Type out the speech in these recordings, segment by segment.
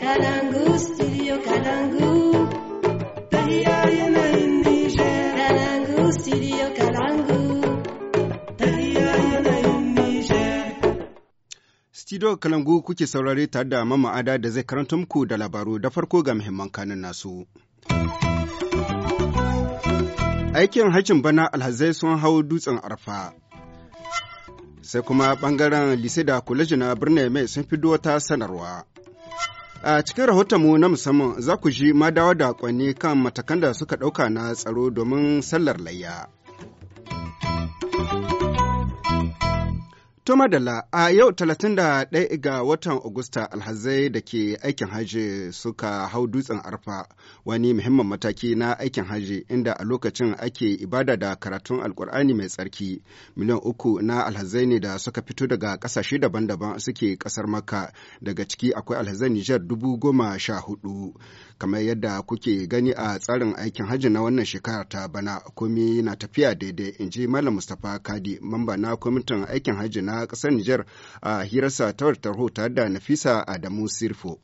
Kalangu, studio Kalangu. kuke saurare tare da Mama Ada da zai karanta muku da labaru da farko ga muhimman kanin nasu. Aikin hajjin bana alhazai sun hau dutsen arfa. sai kuma ɓangaren lise da kwaleji na birnin mai sun fi wata sanarwa A cikin rahotonmu na musamman za ku ji madawa da kwanne kan matakan da suka ɗauka na tsaro domin sallar layya. To madalla a yau 31 ga watan Agusta alhazai da ke aikin hajji suka hau dutsen arfa wani muhimmin mataki na aikin hajji inda a lokacin ake ibada da karatun alkur'ani mai tsarki miliyan uku na alhazai ne da suka fito daga kasashe daban-daban suke kasar maka daga ciki akwai alhazai Nijar dubu goma sha hudu kamar yadda kuke gani a tsarin aikin hajji na wannan shekara ta bana komi na tafiya daidai in ji Malam Mustapha Kadi mamba na kwamitin aikin hajji na ƙasar Nijar a hirarsa ta tarho tare da Nafisa Adamu Sirfo.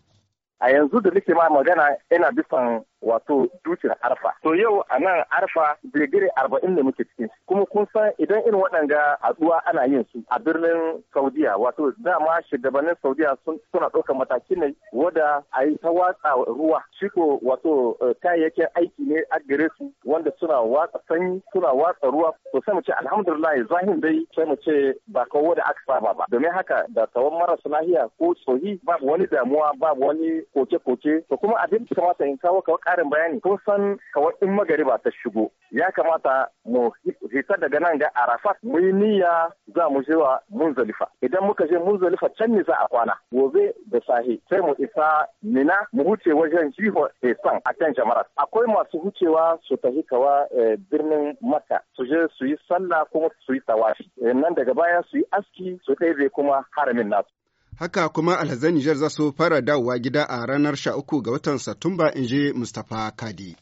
A yanzu da nake ma magana ina bisan wato dutsen arfa to yau a nan arfa digiri arba'in ne muke cikin kuma kun san idan irin waɗanga haɗuwa ana yin su a birnin saudiya wato dama shugabannin saudiya suna ɗaukar mataki ne wanda a yi ta watsa ruwa shi ko wato eh, kayayyakin aiki ne a gare su wanda suna watsa sanyi suna watsa ruwa to sai mu ce alhamdulillah zahim dai sai mu ce ba kawo da aka saba ba domin haka da tsawon marasa lahiya ko tsohi babu wani damuwa babu wani koke-koke to kuma abin da kamata in kawo kawo ƙarin bayani kun san kawai in magariba ta shigo ya kamata mu hita daga nan ga arafat mu yi niyya za mu je wa munzalifa idan muka je munzalifa can ne za a kwana gobe da sahi sai mu isa nina mu huce wajen jiho esan a can jamarat akwai masu hucewa su tafi kawa eh, birnin maka su je su yi sallah kuma su yi tawafi eh, nan daga baya su yi aski su ɗebe kuma haramin nasu Haka kuma alhazan Nijar za su fara dawowa gida a ranar sha uku ga watan Satumba in je Mustapha Kadi.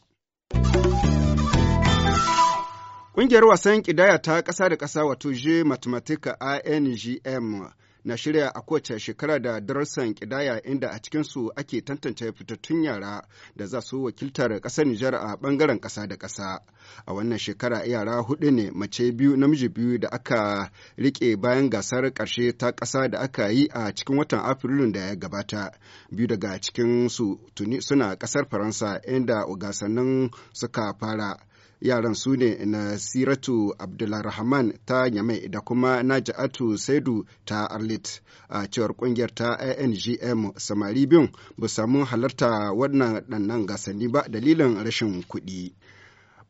Ƙungiyar wasan ƙidaya ta ƙasa da ƙasa wato je Mathematica ANGM na shirya a kowace shekara da darussan kidaya inda a cikinsu ake tantance fitattun yara da za su wakiltar ƙasar Nijar a bangaren ƙasa da ƙasa. A wannan shekara yara hudu ne mace biyu namiji biyu da aka riƙe bayan gasar ƙarshe ta ƙasa da aka yi a cikin watan Afrilun da ya gabata. Biyu daga cikin su tuni suna ƙasar Faransa inda gasannin suka fara. yaran su ne na siratu abdulrahman ta nyamai da kuma naja'atu saidu ta arlit a cewar kungiyar ta ingm samari biyun ba samu halarta wannan ɗannan gasanni ba dalilin rashin kuɗi.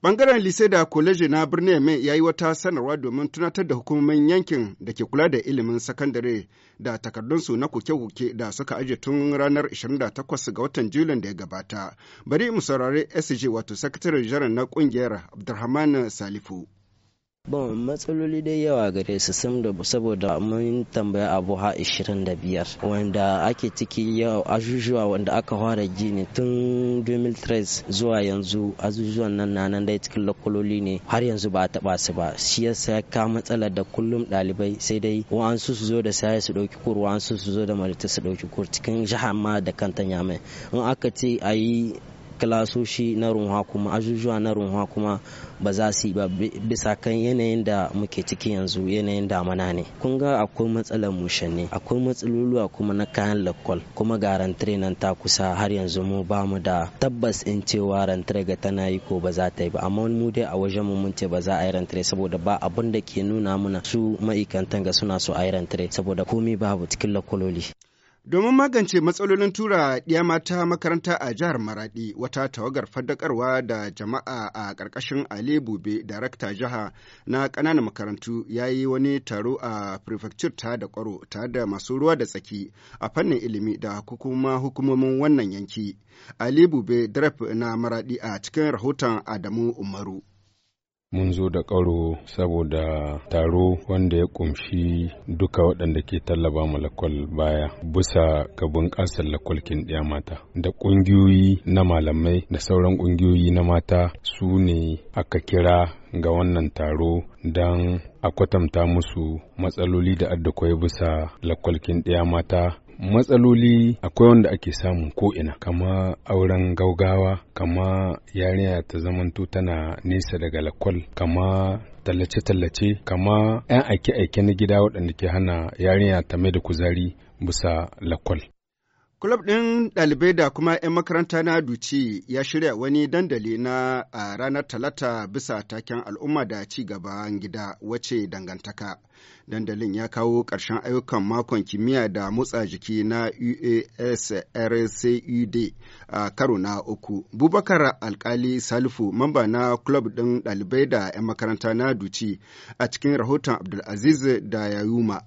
Bangaren lise da koleji na birnin mai ya yi wata sanarwa domin tunatar da hukumomin yankin da ke kula da ilimin sakandare da takardunsu na koke-koke da suka aje tun ranar 28 ga watan Julin da ya gabata. Bari mu saurari sg wato sakataren jiran na kungiyar Abdulrahman Salifu. Bon matsaloli dai yawa gare su sun da saboda mun tambaya abu ha 25 wanda ake ciki yau ajujuwa wanda aka fara gini tun 2013 zuwa yanzu ajujuwan nan na nan dai cikin lokololi ne har yanzu ba a taba su ba shi yasa ka matsalar da kullum dalibai sai dai wa'an su zo da sai su dauki kur wa'an su zo da malita su dauki kur cikin jihar ma da kanta yamai in aka ce ayi kilasoshi na runwa kuma ajujuwa na runwa kuma ba za su yi ba bisa kan yanayin da muke ciki yanzu yanayin damana ne kun ga akwai matsalar mushanne akwai matsaloli kuma na kayan lakwal kuma ga rantare nan ta kusa har yanzu mu ba mu da tabbas in cewa rantare ga tana yi ko ba za ta yi ba amma mu dai a wajen mu mun ce ba za a yi rantare saboda ba abin da ke nuna mana su ma'aikantan ga suna so a yi rantare saboda komai babu cikin lakwaloli Domin magance matsalolin tura ɗiya mata makaranta a jihar Maraɗi, wata tawagar faddakarwa da jama'a a ƙarƙashin Ali Bube, darakta jiha na ƙananan makarantu ya yi wani taro a prefecture ta da ƙwaro tare da masu ruwa da tsaki a fannin ilimi da hukuma hukumomin wannan yanki. Ali Bube, na Maraɗi a cikin rahoton Adamu Umaru. mun zo da ƙaro saboda taro wanda ya ƙumshi duka waɗanda ke tallaba mu lakwal baya bisa ga bunƙasar lakwalkin ɗaya mata da ƙungiyoyi na malamai da sauran ƙungiyoyi na mata su ne aka kira ga wannan taro don a kwatanta musu matsaloli da addakwai bisa lakwalkin ɗaya mata matsaloli akwai wanda ake samun ko'ina kama auren gaugawa kama yarinya ta zamanto tana nesa daga lakwal kama tallace-tallace kama 'yan aike-aike na gida waɗanda ke hana yarinya ta mai da kuzari bisa lakwal Kulab ɗin ɗalibai da kuma 'yan makaranta na Duci ya shirya wani dandali na a ranar Talata bisa taken al'umma da ci gaban gida wace dangantaka. Dandalin ya kawo ƙarshen ayyukan makon kimiyya da motsa jiki na UASRCUD a karo na uku. Bubakar Alkali Salifu, mamba na club ɗin ɗalibai da 'yan makaranta na Duci a cikin rahoton Abdulaziz da Yayuma.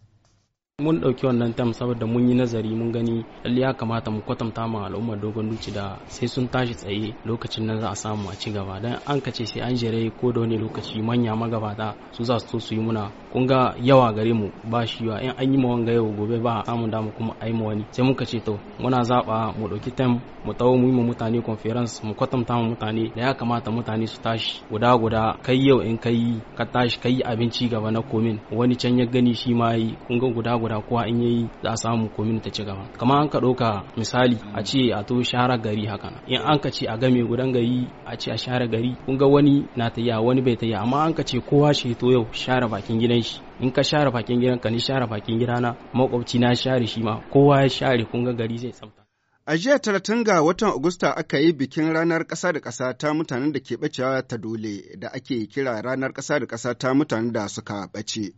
mun ɗauki wannan tam saboda mun yi nazari mun gani lalle ya kamata mu kwatanta ma al'ummar dogon duci da sai sun tashi tsaye lokacin nan za a samu a ci gaba dan an kace sai an jere ko da wani lokaci manya magabata su za su so su yi muna kun ga yawa gare mu ba shi yawa in an yi ma wanga yau gobe ba a samu damu kuma ai ma wani sai muka ce to muna zaba mu ɗauki tam mu tawo mu yi ma mutane conference mu kwatanta ma mutane da ya kamata mutane su tashi guda guda kai yau in kai ka tashi kai abinci gaba na komin wani can ya gani shi ma yi kun ga guda guda saboda kowa in yayi za a samu komin ta ci gaba kamar an ka ɗauka misali a ce a to share gari haka in an ka ce a game gudan gari a ce a share gari kun ga wani na tayya wani bai tayya amma an ka ce kowa shi to yau share bakin gidan shi in ka share bakin gidan ka ni share bakin gidana makwabci na share shi ma kowa ya share kun ga gari zai tsafta A jiya talatin ga watan Agusta aka yi bikin ranar kasa da ƙasa ta mutanen da ke bacewa ta dole da ake kira ranar kasa da kasa ta mutanen da suka bace.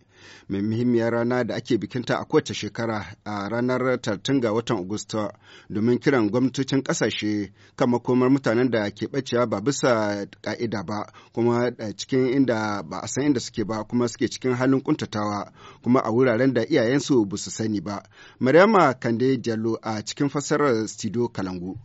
mai muhimmiyar rana da ake bikinta a kowace shekara a ranar tartun ga watan Agusta domin kiran gwamnatocin kasashe, kan makomar mutanen da ke bacewa ba bisa ka'ida ba kuma eh, cikin inda ba a san inda suke ba kuma suke cikin halin kuntatawa kuma a wuraren da iyayensu ba su sani ba. Maryama Kande Jallo a cikin fassarar Studio Kalangu.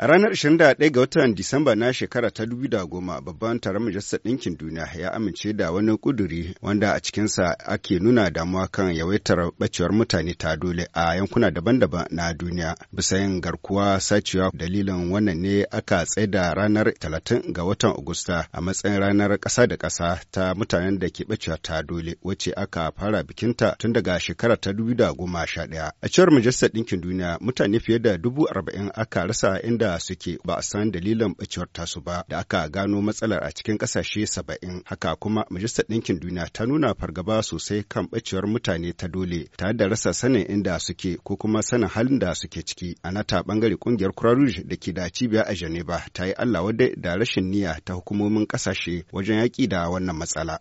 A ranar 21 ga watan Disamba na shekara ta goma, babban taron Majalisar Ɗinkin Duniya ya amince da wani ƙuduri wanda a cikinsa ake nuna damuwa kan yawaitar ɓacewar mutane ta dole a yankuna daban-daban na duniya. Bisa yin garkuwa sacewa dalilin wannan ne aka tsaida ranar 30 ga watan Agusta a matsayin ranar ƙasa da ƙasa ta mutanen da ke ɓacewa ta dole wacce aka fara bikinta tun daga shekara ta ɗaya? A cewar Majalisar Ɗinkin Duniya mutane fiye da dubu arba'in aka rasa inda da suke ba a san dalilin bacewar tasu ba da aka gano matsalar a cikin kasashe saba'in haka kuma majistar ɗinkin duniya ta nuna fargaba sosai kan bacewar mutane ta dole tare da rasa sanin inda suke ko kuma sanin halin da suke ciki a nata bangare kungiyar croix da ke da cibiya a geneva ta yi allah wadai da rashin niyya ta hukumomin kasashe wajen yaƙi da wannan matsala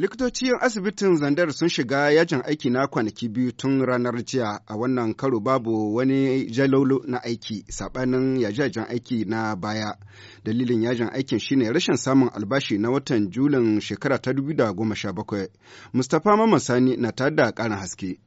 Likitocin asibitin Zandar sun shiga yajin aiki na kwanaki biyu tun ranar jiya a wannan karo babu wani jalolo na aiki sabanin yajajen aiki na baya. Dalilin yajin aikin shine rashin samun albashi na watan Julin shekara ta 2017. Mustapha Mamasani na tada karin haske.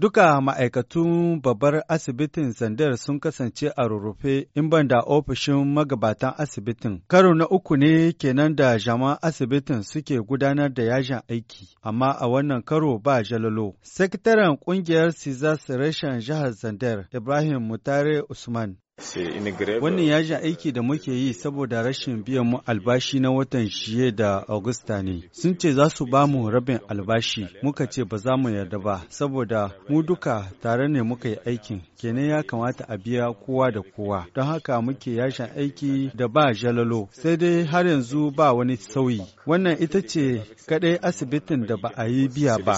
Duka ma'aikatun babbar asibitin Zandar sun kasance a rurrufe in ban da ofishin magabatan asibitin. Karo na uku ne kenan da jama'an asibitin suke gudanar da yajin aiki, amma a wannan karo ba jalalo. Sakataren ƙungiyar Cizas reshen jihar Zandar, Ibrahim Mutare Usman, Wannan ya ji aiki da muke yi saboda rashin biyan mu albashi na watan shiye da Augusta ne. Sun ce za su ba mu rabin albashi, muka ce ba za mu yarda ba, saboda mu duka tare ne muka yi aikin, kenan ya kamata a biya kowa da kowa. Don haka muke yashin aiki da ba jalalo, sai dai har yanzu ba wani sauyi. Wannan ita ce kaɗai asibitin da ba a yi biya ba.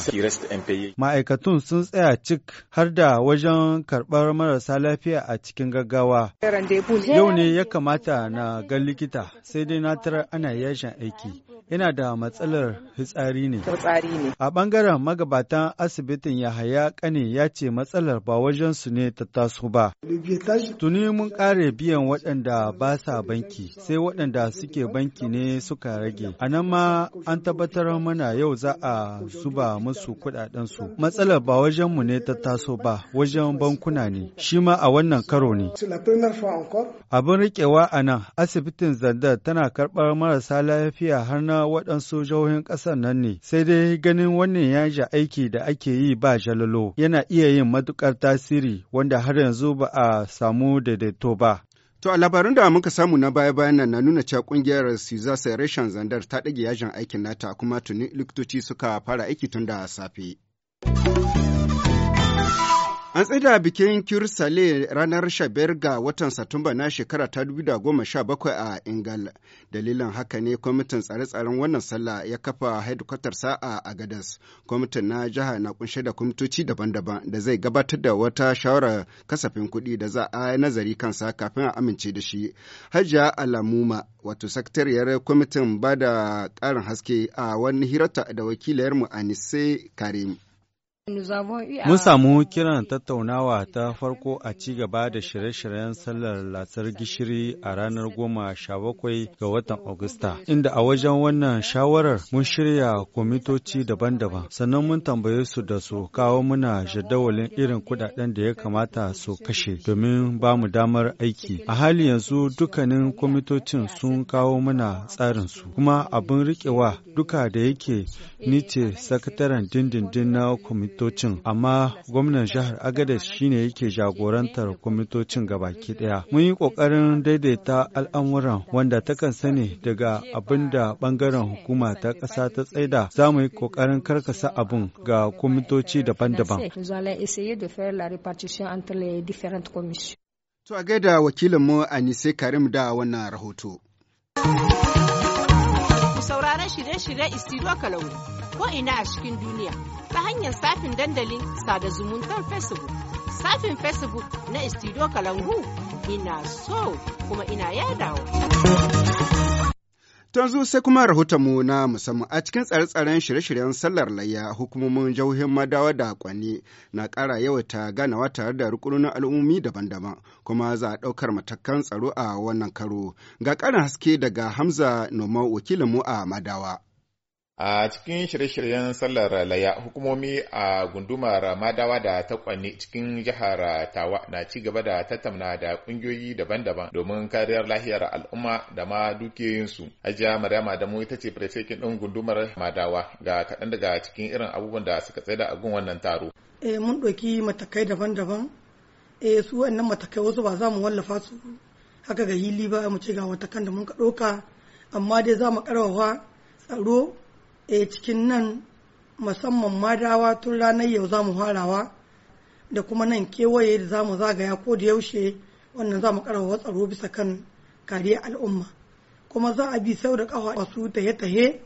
Ma'aikatun sun tsaya cik har da wajen karɓar marasa lafiya a cikin gaggawa. gaggawa. Yau ne ya kamata na ga likita sai dai na tarar ana yashin aiki. yana da matsalar fitsari ne. A ɓangaren magabatan asibitin Yahaya Kane ya ce matsalar ba wajen su ne ta taso ba. Tuni mun ƙare biyan waɗanda ba sa banki, sai waɗanda suke banki ne suka rage. A nan ma an tabbatar mana yau za a zuba musu su. Matsalar ba wajen mu ne ta taso ba, wajen bankuna ne. Shi ma a wannan karo ne. Abin riƙewa a nan, asibitin Zandar tana karɓar marasa lafiya har na na waɗansu jihohin ƙasar nan ne, sai dai ganin wannan yanja aiki da ake yi ba jalalo yana iya yin matuƙar tasiri wanda har yanzu ba a samu daidaito ba. To a labarin da muka samu na baya-bayan nan na nuna cewa kungiyar Siza Seration Zandar ta ɗage yajin aikin nata kuma tuni likitoci suka fara aiki tun da safe. An tsida bikin Kirsale ranar 15 ga watan Satumba na shekara ta bakwai a Ingal. Dalilin haka ne kwamitin tsare-tsaren wannan sallah ya kafa sa'a a gadas Kwamitin na jiha na kunshe da kwamitoci daban-daban da zai gabatar da wata shawarar kasafin kuɗi da za a nazari kansa kafin a amince da shi. Hajiya Alamuma, wato sakatariyar kwamitin ba da ƙarin haske a wani hirarta da wakilayarmu Anise Karim. Mun samu kiran tattaunawa ta farko a ci gaba da shirye-shiryen sallar Latsar gishiri a ranar goma sha bakwai ga watan Agusta, inda a wajen wannan shawarar mun shirya kwamitoci daban-daban, sannan mun tambaye su da su kawo muna jadawalin irin kudaden da ya kamata su kashe domin ba mu damar aiki. A hali yanzu dukkanin kwamitocin sun kawo muna tsarin su, kuma abin riƙewa duka da yake ni ce sakataren dindindin na kwamitin kwamitocin amma gwamnan jihar Agadez shine yake jagorantar kwamitocin gabaki daya. Mun yi kokarin daidaita al'amuran wanda takan sani daga abin da bangaren hukuma ta ƙasa ta tsaida za mu yi kokarin karkasa abin ga kwamitoci daban-daban. To a gaida wakilinmu Anise Karim da wannan rahoto. Sauraron shirye-shirye Istiro Kalangu ko ina a cikin duniya ta hanyar safin dandalin sada zumuntar Facebook. Safin Facebook na Istido Kalangu ina so kuma ina yadawa. Tanzu sai kuma rahotonmu na musamman a cikin tsare-tsaren shirye-shiryen sallar layya hukumomin jauhin madawa da kwanni na ƙara yawata ganawa tare da rukunin al'ummi daban-daban kuma za a ɗaukar matakan tsaro a wannan karo. Ga ƙarin haske daga Hamza Noma wakilinmu a madawa. a cikin shirye-shiryen sallar laya hukumomi a gundumar madawa da takwanni cikin jihar tawa na ci gaba da tattauna da kungiyoyi daban-daban domin kariyar lahiyar al'umma da ma dukiyoyinsu hajiya maryama da ita ce firfekin ɗin gundumar madawa ga kaɗan daga cikin irin abubuwan da suka tsaye da agun wannan taro eh, mun ɗauki matakai daban-daban eh su wannan matakai wasu ba za mu wallafa su haka ga hili ba mu ce ga matakan da mun ka ɗauka amma dai za mu ƙarfafa tsaro ɗaya cikin nan musamman madawa tun ranar yau za mu farawa da kuma nan kewaye da za mu zagaya ko da yaushe wannan za mu karawa tsaro bisa kan kariyar al'umma kuma za a bi sau da kafa masu tahe-tahe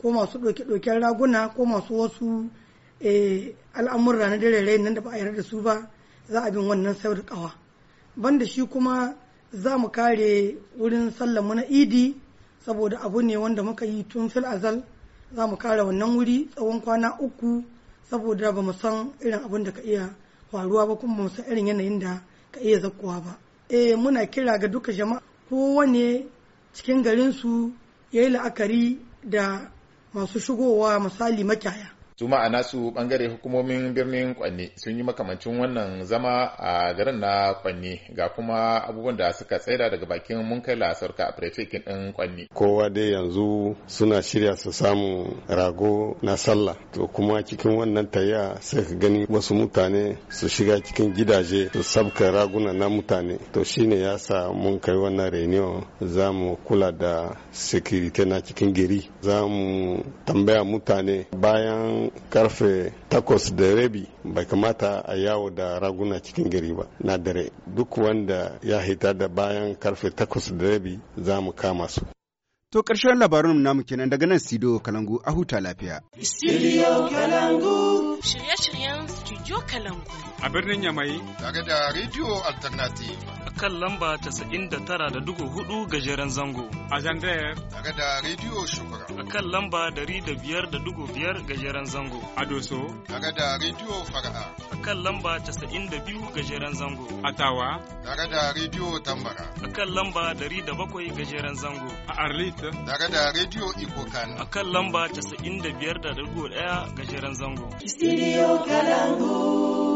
ko masu ɗauke-ɗauken raguna ko masu wasu eh, al'amurra na dare nan da ba a yarda da su ba za a bin wannan sau da kawa banda shi kuma za mu kare wurin sallamu na idi saboda abu ne wanda muka yi tun fil azal za mu kare wannan wuri tsawon kwana uku saboda ba mu san irin abin da ka iya faruwa ba kuma mu san irin yanayin da ka iya zakkuwa ba eh muna kira ga duka jama'a kowane cikin garinsu su yayi la'akari da masu shigowa misali makyaya. Juma a nasu bangare hukumomin birnin kwanne sun yi makamancin wannan zama a garin na kwanne ga kuma abubuwan da suka tsaida daga bakin mun kai sarka a a din kwanne kowa dai yanzu suna shirya su samu rago na sallah to kuma cikin wannan tayya sai ka gani wasu mutane su shiga cikin gidaje su sabka raguna na mutane to shine ya sa mun kai wannan reunion za mu kula da security na cikin gari za mu tambaya mutane bayan karfe takwas da rabi bai kamata a yawo da raguna cikin gari ba na dare duk wanda ya hita da bayan karfe takwas da rabi za mu kama su To ƙarshen labarin namu kenan daga nan Sido Kalangu a huta lafiya. Studio Kalangu. shirye-shiryen Studio Kalangu. A birnin Yamai. Tare da Radio Alternative. A kan lamba tara da dugu hudu gajeren zango. A Zandayar. Tare da Radio Shukura. A kan lamba dari da da biyar gajeren zango. A Doso. Tare da Radio Fara'a. A kan lamba da biyu gajeren zango. A Tawa. Tare da Radio Tambara. A kan lamba dari da bakwai gajeren zango. A Arlit. Tare da Radio Ikokan. A kan lamba da biyar 95.1 gajeren zango. Studio Kalangu.